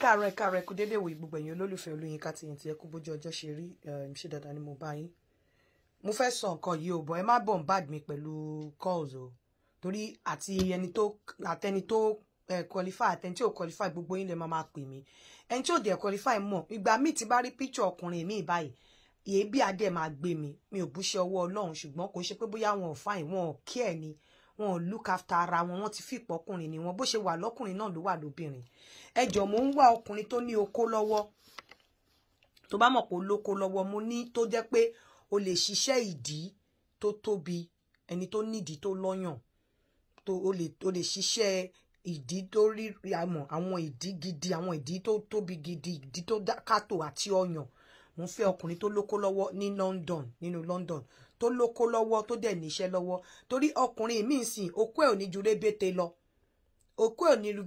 káàárọ̀ ẹ káàárọ̀ ẹ kú dédé wòye gbogbo ẹ̀yin olólùfẹ́ Olóyinka TNT ẹ kú bójú ọjọ́ ṣe rí ehm, ṣe dandan ni mo bá yín mo fẹ́ sọ nǹkan yìí ò bọ̀ ẹ má bọ̀ ń bad mi pẹ̀lú calls o torí àti ẹni tó àtẹni tó qualify àtẹni tí ò qualify gbogbo yín lè máa máa pè mí ẹni tí ò dẹ̀ qualify mọ̀ ìgbà míì ti bá rí picture ọkùnrin mi báyìí èébì adé máa gbé mi mi ò bú ṣe ọwọ́ Ọlọ́run ṣùgbọ́n kò ṣe pé bóyá wọn ò fáìn wọn ò kí ẹ̀ ni wọn ò look after ara wọn wọn ti fìpọ̀ ọkùnrin ni wọn bó ṣe wà lọ́kùnrin náà ló wà lóbìnrin ẹjọ́ mò ń wá ọkùnrin tó ní okó lọ́wọ́ tó bá mọ̀ pé ó lóko lọ́wọ́ mo ní tó jẹ́ pé o lè ṣiṣẹ́ ìdí tó tóbi ẹni tó nídìí tó lọ́yàn tó o lè o lè ṣiṣẹ́ ìdí tó rí àmọ́ àwọn ìdí gidi àwọn ìdí tó tóbi gidi ìdí tó kàtò àti ọyàn mo ń fẹ́ ọkùnrin tó lóko lọ́wọ́ ní London nínú London tó lóko lọ́wọ́ tó dẹ̀ níṣẹ́ lọ́wọ́ torí ọkùnrin míì sìn okó ẹ̀ ò ní ju rébété lọ okó ẹ̀ ò ní ju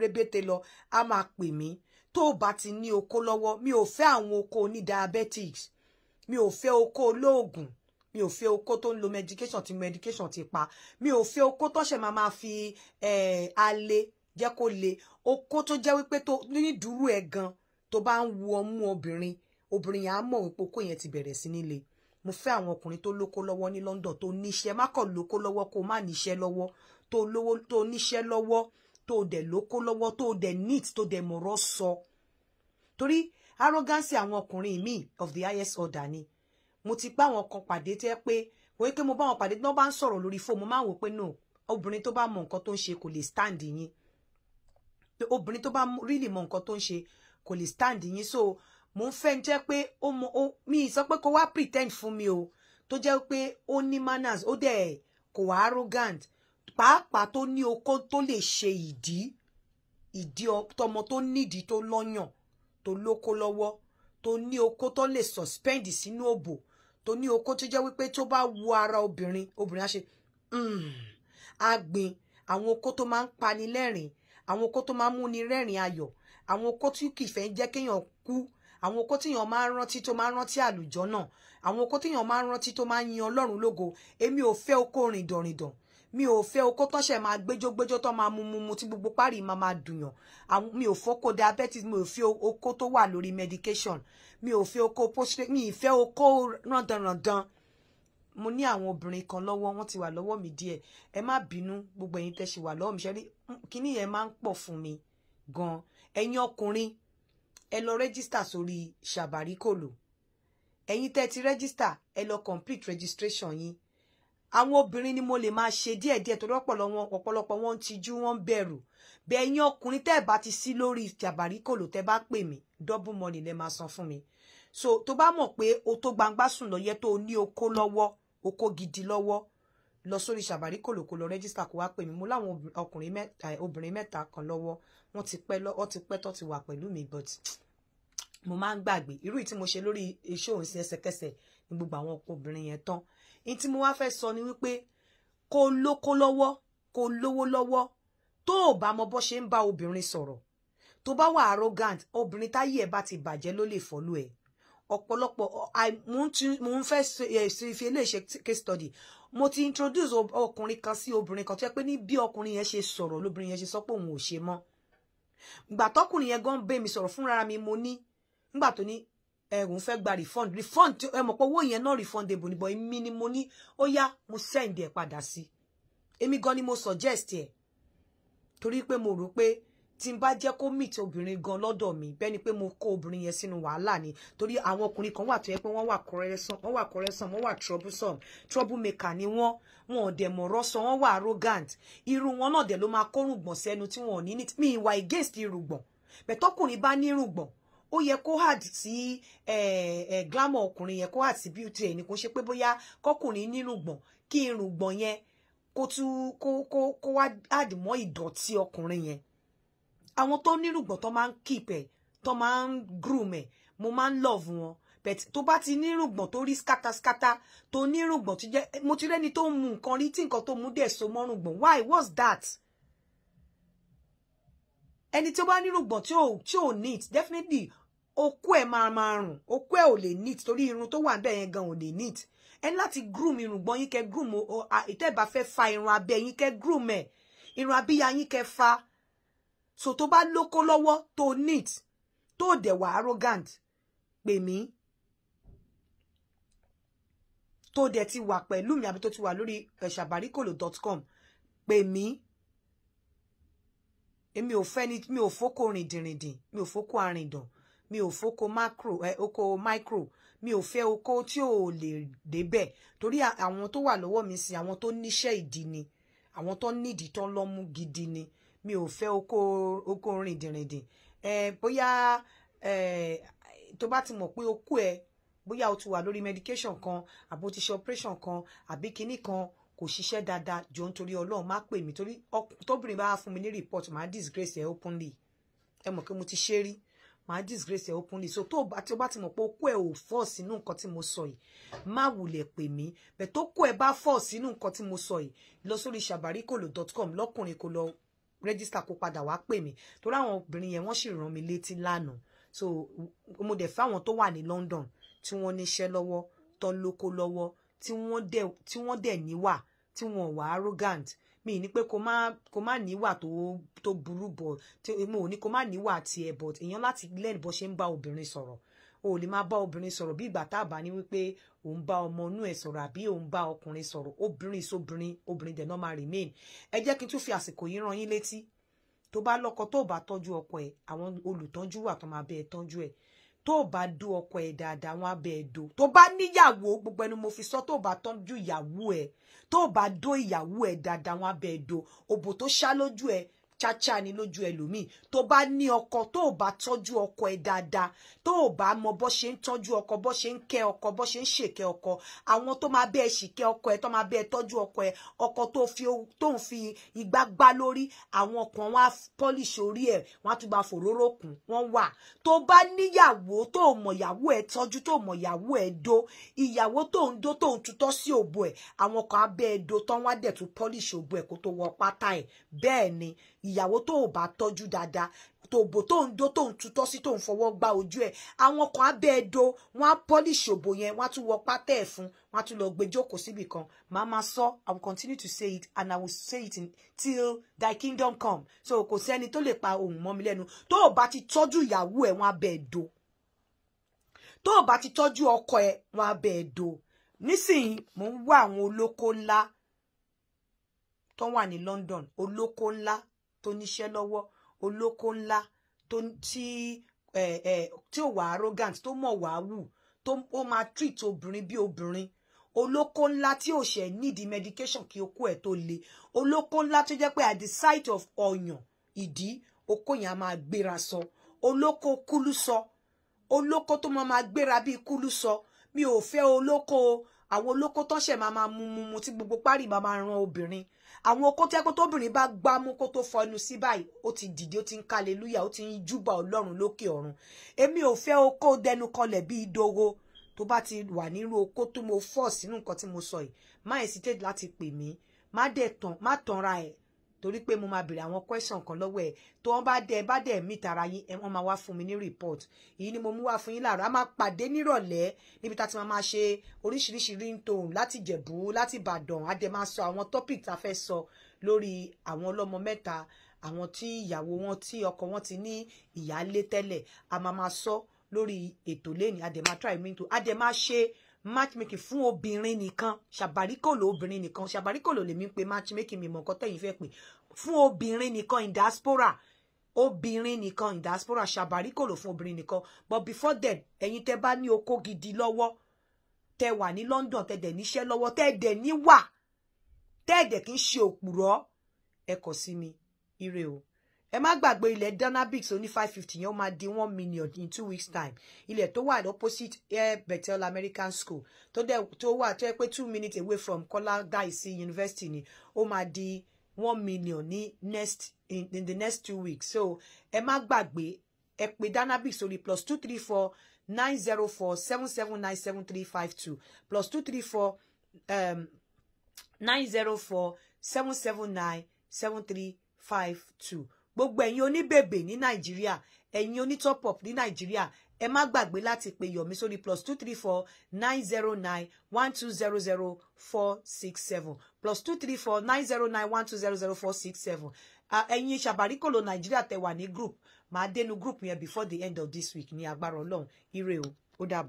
rébété lọ a máa pè mí tó o bá ti ní okó lọ́wọ́ mi ò fẹ́ àwọn okó ní diabetics mi ò fẹ́ okó olóògùn mi ò fẹ́ okó tó ń lo medication tí medication ti pa mi ò fẹ́ okó tó máa máa fi eh, alẹ́ jẹ́ kó le okó tó jẹ́ wípé tó ní dúró ẹ̀ gan tó bá ń wu ọmú obìnrin obìnrin yẹn á mọ̀ wípé okó yẹn ti bẹ̀rẹ̀ sí nílé mo fẹ́ àwọn ọkùnrin tó lóko lọ́wọ́ ní London tó níṣẹ́ má kàn lóko lọ́wọ́ kó má níṣẹ́ lọ́wọ́ tó lówó tó níṣẹ́ lọ́wọ́ tó dẹ̀ lóko lọ́wọ́ tó dẹ̀ neat tó dẹ̀ mọ̀rọ̀ sọ torí arrogance àwọn ọkùnrin míì of the highest order ni mo ti bá àwọn kan pàdé tẹ́ pé wọ́n pé mo bá wọn pàdé tí wọ́n bá ń sọ̀rọ̀ lórí fóònù mo máa wò pé no obìnrin tó bá mọ nǹkan tó ń ṣe kò lè stand yín obìnrin tó bá really mọ nǹkan tó ń ṣe kò lè stand yín so mo ń fẹ́ jẹ́ pé ó mọ ó mi sọ pé kó wá pretend fún mi o tó jẹ́ pé ó ní manners ó dẹ̀ kò wá arrogant pàápàá tó ní okó tó lè ṣe ìdí ìdí tọmọ to nídìí to lọ́yàn to lóko lọ́wọ́ tó ní okó to lè suspend sínú òbò tó ní okó tó jẹ́ wípé tó bá wu ara obìnrin obìnrin á ṣe agbin hmm, àwọn okó tó máa ń pani lẹ́rìn àwọn okó tó máa ń múni rẹ́rìn ayọ̀ àwọn okó tí kìí fẹ́ jẹ́ kéèyàn kú àwọn okó tíyàn máa ń rántí tó máa ń rántí àlùjọ náà àwọn okó tíyàn máa ń rántí tó máa ń yin ọlọ́run lógo èmi ò fẹ́ okó rìndọ̀rìndọ̀ mi ò fẹ́ okó tọ́ṣẹ̀ máa gbẹ́jọ́gbẹ́jọ́ tó máa mumu mu tí gbogbo parí máa máa dùnyàn mi ò fọ́kó diabetes mi ò fẹ́ okó tó wà lórí medication mi ò fẹ́ okó postrate mi ì fẹ́ okó randanrandan mo ní àwọn obìnrin kan lọ́wọ́ wọ́n ti wà lọ́wọ́ mi díẹ̀ ẹ má bínú gbogbo ẹ̀yin tẹ́ ṣì wà lọ́wọ́ mi ṣẹ́rí kínní yẹn máa ń pọ̀ fún mi gan-an ẹ̀yin ọkùnrin ẹ lọ rẹ́gísítà sórí ṣàbàríkòlò ẹ̀yin tẹ́ ti rẹ́gísítà ẹ lọ complete registration yín àwọn obìnrin ni mo lè máa ṣe díẹ̀díẹ̀ torí ọ̀pọ̀lọpọ̀ wọn ń tijú wọn ń bẹ̀rù bẹ́ẹ̀ ẹ̀yin ọkùnrin tẹ́ ẹ̀ bá ti sí lórí ṣàbàríkòlò tẹ́ bá pè mí double money lẹ́ máa san fún mi so tó bá mọ̀ pé o tó gbangba sùn lọ yẹ tó o ní okó lọ́wọ́ okó gidi lọ́wọ́ lọ sórí ṣàbárí kòlòkò lọ rẹ́gísítà kó wá pè mí mo láwọn ọkùnrin mẹ́ta obìnrin mẹ́ta kan lọ́wọ́ wọ́n ti pẹ́ lọ wọ́n ti pẹ́ tó ti wà pẹ̀lú mi but mo máa ń gbàgbé irú tí mo ṣe lórí iṣẹ́ òun sí ẹsẹ̀kẹsẹ̀ ní gbogbo àwọn obìnrin yẹn tán ní tí mo wá fẹ́ sọ ni wípé kó lóko lọ́wọ́ kó lówó lọ́wọ́ tó o bá mọ bó ṣe ń bá obìnrin sọ̀rọ̀ tó bá wà arrogant obìnrin táyé ẹ̀ bá ti bàjẹ́ ló lè follow ẹ̀ ọ̀pọ̀lọpọ̀ mo ń fẹ́ ṣe fi eléyìí ṣe case study mo ti introduce ọkùnrin kan sí obìnrin kan tó yẹ pé ní bí ọkùnrin yẹn ṣe sọ̀rọ̀ lóbìnrin yẹn ṣe sọ pé òun ò ṣe mọ́ gbà tọkùnrin yẹn gan bẹ́ mi sọ̀rọ̀ fúnra mi mo ní nígbà tó ní ẹ̀rùn fẹ́ gba refund refund ẹ mọ̀ pé owó yẹn náà refundable ni but èmi ni mo ní ó yá mo send ẹ̀ padà sí èmi gan ni mo suggest ẹ̀ torí pé mo rò pé tí n bá jẹ́ kó meet obìnrin gan lọ́dọ̀ mi bẹ́ẹ̀ ni pé mo kó obìnrin yẹn sínú wàhálà ni torí àwọn ọkùnrin kan wà tó yẹ pé wọ́n wà kọrẹ́sán wọ́n wà kọrẹ́sán wọ́n wà troublesome troublemaker ni wọ́n wọn ò dẹ̀ mọ̀rọ̀ sọ wọ́n wà arrogant irú wọn náà dẹ̀ ló máa kórùngbọ̀n sẹ́nu tí wọn ò ní ní mi ìwà against irùngbọ̀n bẹ̀tọ́kùnrin bá ní irùngbọ̀n ó yẹ kó hard sí glamour ọkùnrin yẹn kó hard sí beauty ẹ̀ ni kò ṣe pé bóyá kọkùnrin nírùngbọ̀n kí irùngbọ̀n yẹn kó tún kó kó kó wá hard ìdọ̀tí ọkùnrin yẹn àwọn tó nírùngbọ̀n tó máa ń keep ẹ̀ tó máa ń groom ẹ̀ mo máa ń love wọn but tó bá ti nírùngbọ̀n tó rí skátaskátá tó nírùngbọ̀n tó jẹ́ mo ti rẹ́ni tó ń mu nǹkan rí tí nǹkan tó mú dẹ̀ so mọ́rùngbọ̀n why what's that? ẹni tó bá nírùngbọ̀n tí ò tí ò neat definitely okú ẹ̀ máa máa rùn okú ẹ̀ ò lè neat torí irun tó wà ń bẹ̀ yẹn gan ò lè neat ẹni láti groom irùngbọ̀n yín kẹ́ groom ìtẹ́ẹ̀bá fẹ́ fa irun abẹ́ yín kẹ́ groom ẹ̀ irun abíyá yín kẹ́ fa so tó bá lóko lọ́wọ́ tó neat tó dẹ̀ wà arrogant pè mí tó dẹ̀ ti wà pẹ̀lú mi àbí tó ti wà lórí ṣàbáríkòlò eh, dot com pè mí èmi ò fẹ́ ni mi ò fóko rìndìnrìndìn mi ò fóko arìndàn mi ò fóko macro eh, oko micro mi ò fẹ́ oko tí ò lè débẹ̀ torí àwọn tó wà lọ́wọ́ mi sí àwọn tó níṣẹ́ ìdí ni àwọn tó nídìí tó ń lọ́mú gidi ni mi ò fẹ́ oko oko rìndìnrìndìn eh, bóyá eh, tó bá ti mọ̀ pé okú ẹ bóyá o ti wà lórí medication kan àbó ti ṣe operation kan àbí kinní kan kò ṣiṣẹ́ dáadáa jọ nítorí ọlọ́run má pè mí torí tóbìnrin bá fún mi ní report màá disgrace ẹ openly ẹ mọ̀ pé mo ti ṣe rí màá disgrace ẹ openly so tó bá tí o bá ti mọ̀ pé okó ẹ ò fọ́ sínú nǹkan tí mo sọ yìí má wulẹ̀ pè mí bẹ̀ tó kó ẹ bá fọ́ sínú nǹkan tí mo sọ yìí lọ sórí sabarikolo dot com lọ́kùnrin kò lọ Register kó padà wá pè mí torí àwọn obìnrin yẹn wọ́n sì rán mi létí lánàá so mo dẹ̀ fẹ́ àwọn tó wà ní London tí wọ́n níṣẹ́ lọ́wọ́ tán lóko lọ́wọ́ tí wọ́n dẹ̀ níwà tí wọ́n wà arrogant mi ni pé kó má kó má níwà tó tó burú bọ̀ mo ní kó má níwà tiẹ̀ but èèyàn láti learn bó ṣe ń bá obìnrin sọ̀rọ̀ o lè máa bá obìnrin sọ̀rọ̀ bí ìgbà tá a bá ní wípé òun bá ọmọ inú ẹ̀ sọ̀rọ̀ àbí òun bá ọkùnrin sọ̀rọ̀ obìnrin sóbìnrin obìnrin dẹ̀ náà máa remain ẹ jẹ́ kí n tún fi àsìkò yìí rán yín létí tó bá lọ́kọ tó bá tọ́jú ọkọ ẹ̀ àwọn olùtọ́jú wà tó máa bẹ ẹ tọ́jú ẹ̀ tó bá dó ọkọ ẹ̀ dáadáa wọn á bẹ ẹ dó tó bá níyàwó gbogbo ẹnu mo fi sọ tó bá tọ́jú ìyàwó ẹ̀ tó bá dó ìyàwó ẹ̀ dáadáa wọn á bẹ ẹ dó òbò tó ṣá lójú ẹ̀ chacha ni lójú ẹlòmíì tó bá ní ọkọ tó o bá tọ́jú ọkọ ẹ dáadáa tó o bá mọ bó ṣe ń tọ́jú ọkọ bó ṣe ń kẹ́ ọkọ bó ṣe ń ṣèkẹ́ ọkọ àwọn tó máa bẹ́ẹ̀ ṣìkẹ́ ọkọ ẹ tó máa bẹ́ẹ̀ tọ́jú ọkọ ẹ ọkọ tó ń fi igbá gbá lórí àwọn kan wọn á pọ́líṣì orí ẹ̀ wọn á tún bá fòróró kùn wọ́n wà tó bá níyàwó tó o mọ̀ ìyàwó ẹ tọ́jú tó o mọ̀ ìyàwó ẹ dó ìyàwó tó ń dó tó ń tutọ́ sí òbo ẹ̀ àwọn kan á tán wá dẹ̀ tún pọ́líṣì òbo ẹ̀ kó tó wọ pátá ẹ̀ bẹ́ẹ̀ ni ìyàwó tó ò bá tọ́jú dáadáa tòbò tó ń dó tó ń tutọ́ sí tó ń fọwọ́ gba ojú ẹ̀ àwọn kan abẹ́ ẹ do wọ́n á pọ́líṣì òbò yẹn wọ́n á tún wọ pátẹ́ ẹ̀ fún wọ́n á tún lọ gbé jókòó síbì kan màá sọ I will continue to say it and I will say it in, till thy kingdom come so kò sẹ́ni tó lè pa ohùn mọ́ mi lẹ́nu tó o bá ti tọ́jú ìyàwó ẹ̀ wọ́n abẹ́ ẹ do tó o bá ti tọ́jú ọkọ ẹ̀ wọ́n abẹ́ ẹ do nísìnyí mò ń wá àwọn olóko ńlá tó wà ní London olóko ńlá tó níṣẹ́ lọ́wọ́ olóko ńlá tó tí eh, eh, tí ò wà arrogant tó mọ̀ wá wù tó ó máa treat obìnrin bí obìnrin olóko ńlá tí ò ṣe need medication kí okó ẹ̀ tó le olóko ńlá tó jẹ́ pé at the site of ọyàn ìdí okó yẹn a máa gbéra sọ olóko kúlú sọ olóko tó máa máa gbéra bíi kúlú sọ mi ò fẹ́ olóko àwọn olóko tó ṣẹ̀ máa máa mumumu tí gbogbo parí máa máa ran obìnrin àwọn okó tẹ́kọ́ tóbìnrin bá gbámú kó tó fọnu sí báyìí ó ti dìde ó ti ń kàlélúyà ó ti ń júbà ọlọ́run lókè ọ̀run èmi ò fẹ́ okó dẹnu kọlẹ̀ bíi ìdòwò tó bá ti wà nírú okó tó mo fọ́ sínú nǹkan tí mo sọ yìí má hesitate láti pè mí má dẹ̀ tàn má tanra ẹ̀ torí pé mo máa bèrè àwọn question kan lọ́wọ́ ẹ̀ tó wọ́n bá dẹ̀ bá dẹ̀ mí tara yín ẹ wọ́n máa wá fún mi ní report èyí ni mo mú wá fún yín láàárọ̀ a máa pàdé nírọ̀lẹ́ níbi tá a ti máa ṣe oríṣiríṣi ringtone láti Ìjẹ̀bú láti Ìbàdàn a dẹ̀ máa sọ àwọn topic tá a fẹ́ sọ lórí àwọn ọlọ́mọ mẹ́ta àwọn tí ìyàwó wọn tí ọkọ wọn ti ní ìyáálé tẹ́lẹ̀ a máa máa sọ lórí ètò lẹ́ni a dẹ̀ máa try me to a dẹ̀ máa ṣe matchmaking fún obìnrin nìkan ṣàbáríkòlò obìnrin nìkan ṣàbáríkòlò lèmi ń pe matchmaking mi mọ̀ nǹkan tẹ̀yìn fẹ́ pè fún obìnrin nìkan in diaspora obìnrin nìkan in diaspora ṣàbáríkòlò fún obìnrin nìkan but before then ẹ̀yin tẹ́ bá ní okó gidi lọ́wọ́ tẹ́ wà ní London tẹ́ dẹ̀ níṣẹ́ lọ́wọ́ tẹ́ dẹ̀ níwà tẹ́ dẹ̀ kí ń ṣe òpùrọ́ ẹ kọ sí mi ire o ẹ má gbàgbé ilẹ̀ Dynabix oní five fifty yẹn ó máa di one million in two weeks time ilẹ̀ tó wà opposite air Bethel American School tó dẹ̀ tó wà tó yẹ pé two minutes away from Kola Daisy University ni ó máa di one million ní next in, in the next two weeks so ẹ má gbàgbé ẹ pè Dynabix orí plus two three four nine zero four seven seven nine seven three five two plus two three four um, nine zero four seven seven nine seven three five two gbogbo ẹ̀yin oníbèbè ní nàìjíríà ẹ̀yin onítop up ní nàìjíríà ẹ má gbàgbé láti pe yọ̀mí sórí plus two three four nine zero nine one two zero zero four six seven plus two three four nine zero nine one two zero zero four six seven ẹ̀yin ṣàbáríkòlò nàìjíríà tẹ́ wà ní group màá dénú group yẹn before the end of this week ní agbára ọlọ́run ire o ó dàbọ̀.